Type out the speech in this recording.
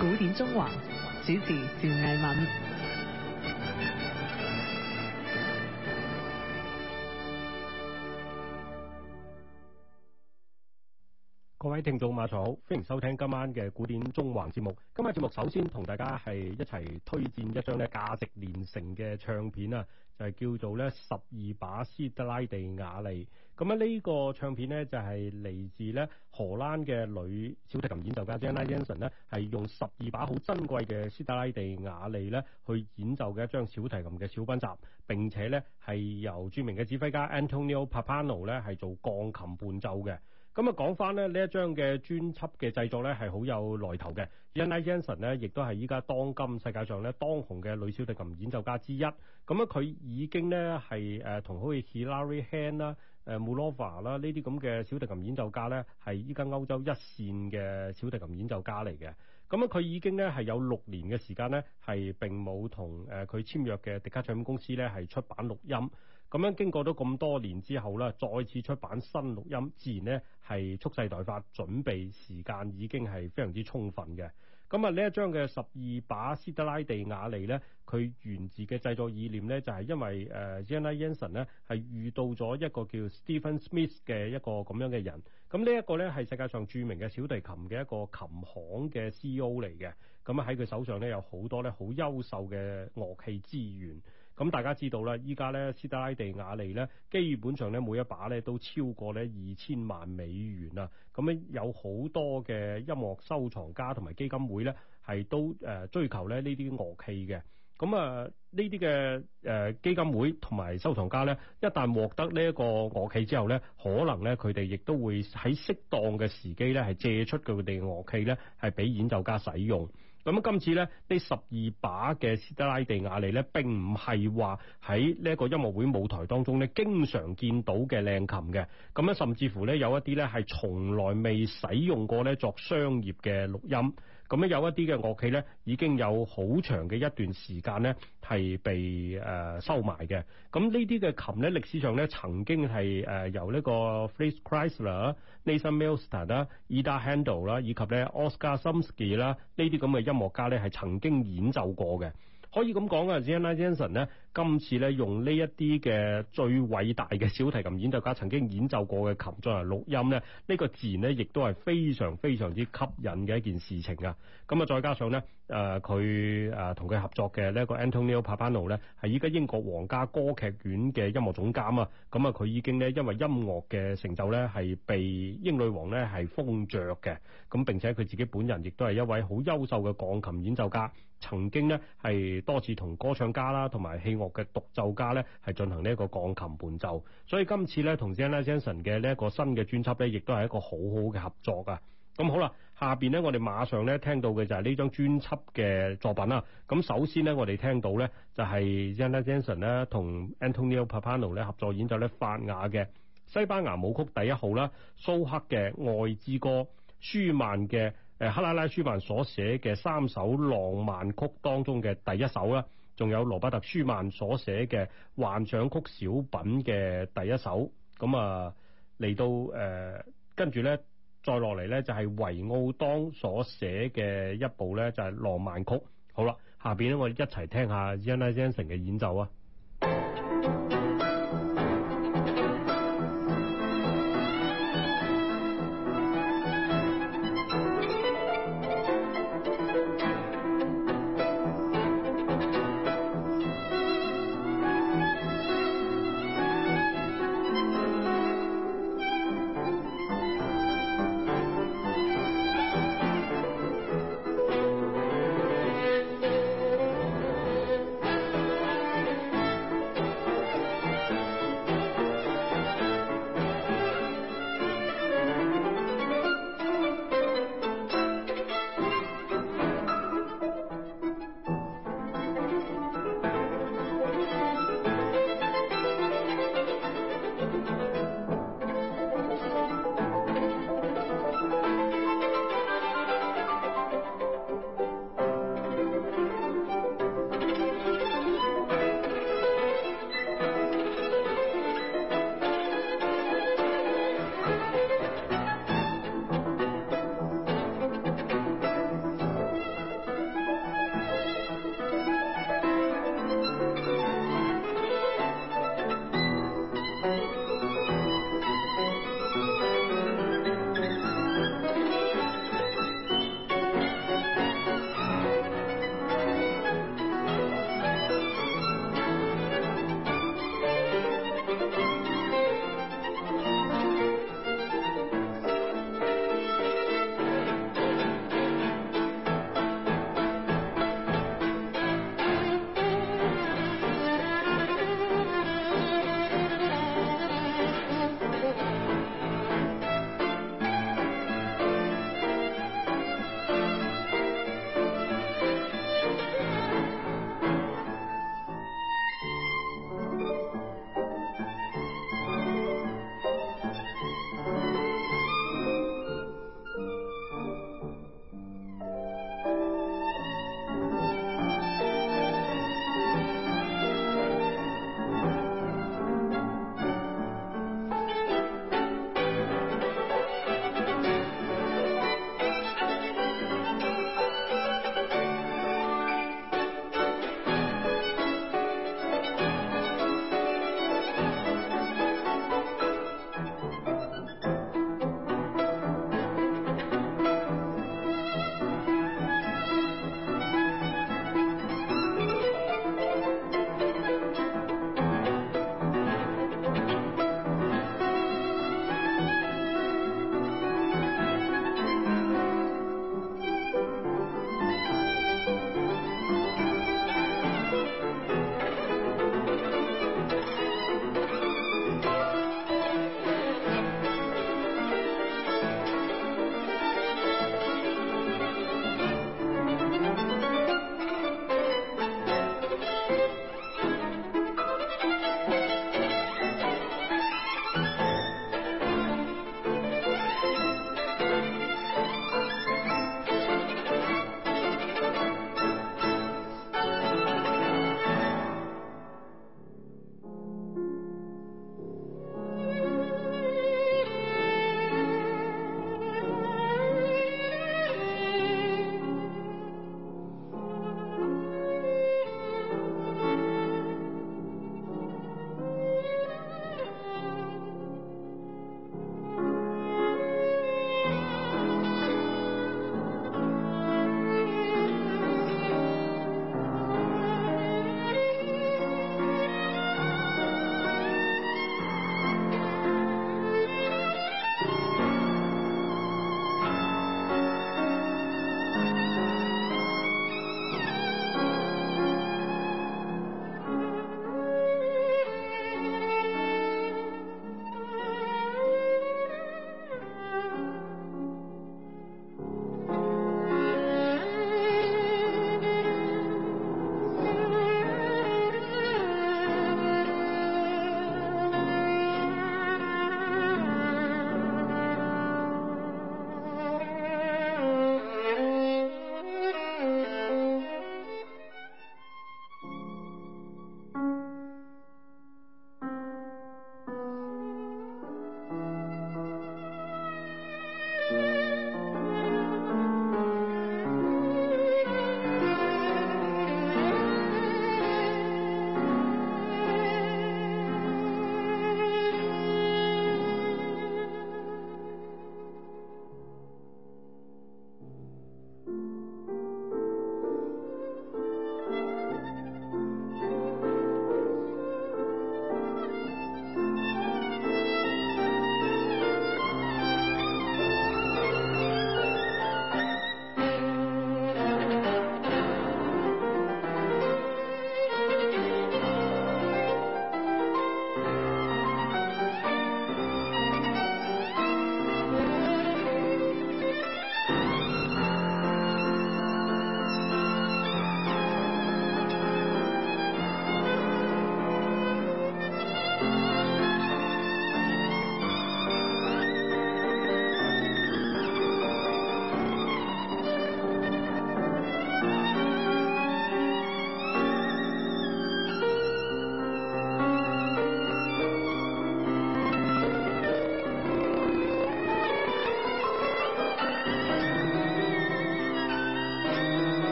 古典縱橫主持趙藝敏，各位聽眾晚上好，歡迎收聽今晚嘅古典縱橫節目。今晚節目首先同大家係一齊推薦一張咧價值連城嘅唱片啊，就係、是、叫做咧十二把斯特拉蒂瓦利。咁呢個唱片呢，就係嚟自咧荷蘭嘅女小提琴演奏家 Janine Jansen 咧，係用十二把好珍貴嘅斯特拉蒂瓦利咧去演奏嘅一張小提琴嘅小品集。並且咧係由著名嘅指揮家 Antonio Pappano 咧係做鋼琴伴奏嘅。咁啊，講翻咧呢一張嘅專輯嘅製作咧係好有來頭嘅。Janine Jansen 咧亦都係依家當今世界上咧當紅嘅女小提琴演奏家之一。咁咧，佢已經咧係誒同好似 Hilary Hahn 啦。誒穆洛娃啦，呢啲咁嘅小提琴演奏家咧，係依家歐洲一線嘅小提琴演奏家嚟嘅。咁啊，佢已經咧係有六年嘅時間咧，係並冇同誒佢簽約嘅迪卡唱片公司咧係出版錄音。咁樣經過咗咁多年之後咧，再次出版新錄音，自然咧係蓄勢待發，準備時間已經係非常之充分嘅。咁啊，呢一張嘅十二把斯德拉地瓦利咧，佢源自嘅製作意念咧，就係因為誒 Janine Jansen 咧，係遇到咗一個叫 Stephen Smith 嘅一個咁樣嘅人。咁呢一個咧，係世界上著名嘅小提琴嘅一個琴行嘅 CEO 嚟嘅。咁啊，喺佢手上咧，有好多咧好優秀嘅樂器資源。咁大家知道啦，依家咧斯德拉地瓦利咧，基本上咧每一把咧都超過咧二千萬美元啊！咁咧有好多嘅音樂收藏家同埋基金會咧，係都誒追求咧呢啲樂器嘅。咁啊，呢啲嘅誒基金會同埋收藏家咧，一旦獲得呢一個樂器之後咧，可能咧佢哋亦都會喺適當嘅時機咧，係借出佢哋嘅樂器咧，係俾演奏家使用。咁今次呢，呢十二把嘅斯特拉地亞利呢，並唔係話喺呢一個音樂會舞台當中呢，經常見到嘅靚琴嘅，咁啊，甚至乎呢，有一啲呢，係從來未使用過呢，作商業嘅錄音。咁咧有一啲嘅樂器咧，已經有好長嘅一段時間咧，係被誒收埋嘅。咁呢啲嘅琴咧，歷史上咧曾經係誒由呢個 Fritz Kreisler、Nathan Milstein 啦、Ida Handel 啦，以及咧 Oscar Shumsky 啦，呢啲咁嘅音樂家咧係曾經演奏過嘅。可以咁講 Janine Jansen 咧，今次咧用呢一啲嘅最偉大嘅小提琴演奏家曾經演奏過嘅琴作為錄音咧，呢、呢個自然咧亦都係非常非常之吸引嘅一件事情啊！咁啊，再加上咧，誒佢誒同佢合作嘅呢一個 Antonio Pappano 咧，係依家英國皇家歌劇院嘅音樂總監啊！咁啊，佢已經咧因為音樂嘅成就咧係被英女王咧係封爵嘅，咁並且佢自己本人亦都係一位好優秀嘅鋼琴演奏家。曾經咧係多次同歌唱家啦，同埋器樂嘅獨奏家咧係進行呢一個鋼琴伴奏，所以今次咧同 Janine Jansen 嘅呢一個新嘅專輯咧，亦都係一個好好嘅合作㗎！咁好啦，下邊咧我哋馬上咧聽到嘅就係呢張專輯嘅作品啦。咁首先咧，我哋聽到咧就係 Janine J, Jansen 咧同 Antonio Pappano 咧合作演奏咧法雅嘅西班牙舞曲第一號啦，蘇克嘅愛之歌，舒曼嘅。誒克拉拉舒曼所寫嘅三首浪漫曲當中嘅第一首啦，仲有羅伯特舒曼所寫嘅幻想曲小品嘅第一首，咁啊，嚟到誒跟住呢，再落嚟呢，就係維奧當所寫嘅一部呢，就係浪漫曲。好啦，下面呢我哋一齊聽下 Enya Jensen 嘅演奏啊！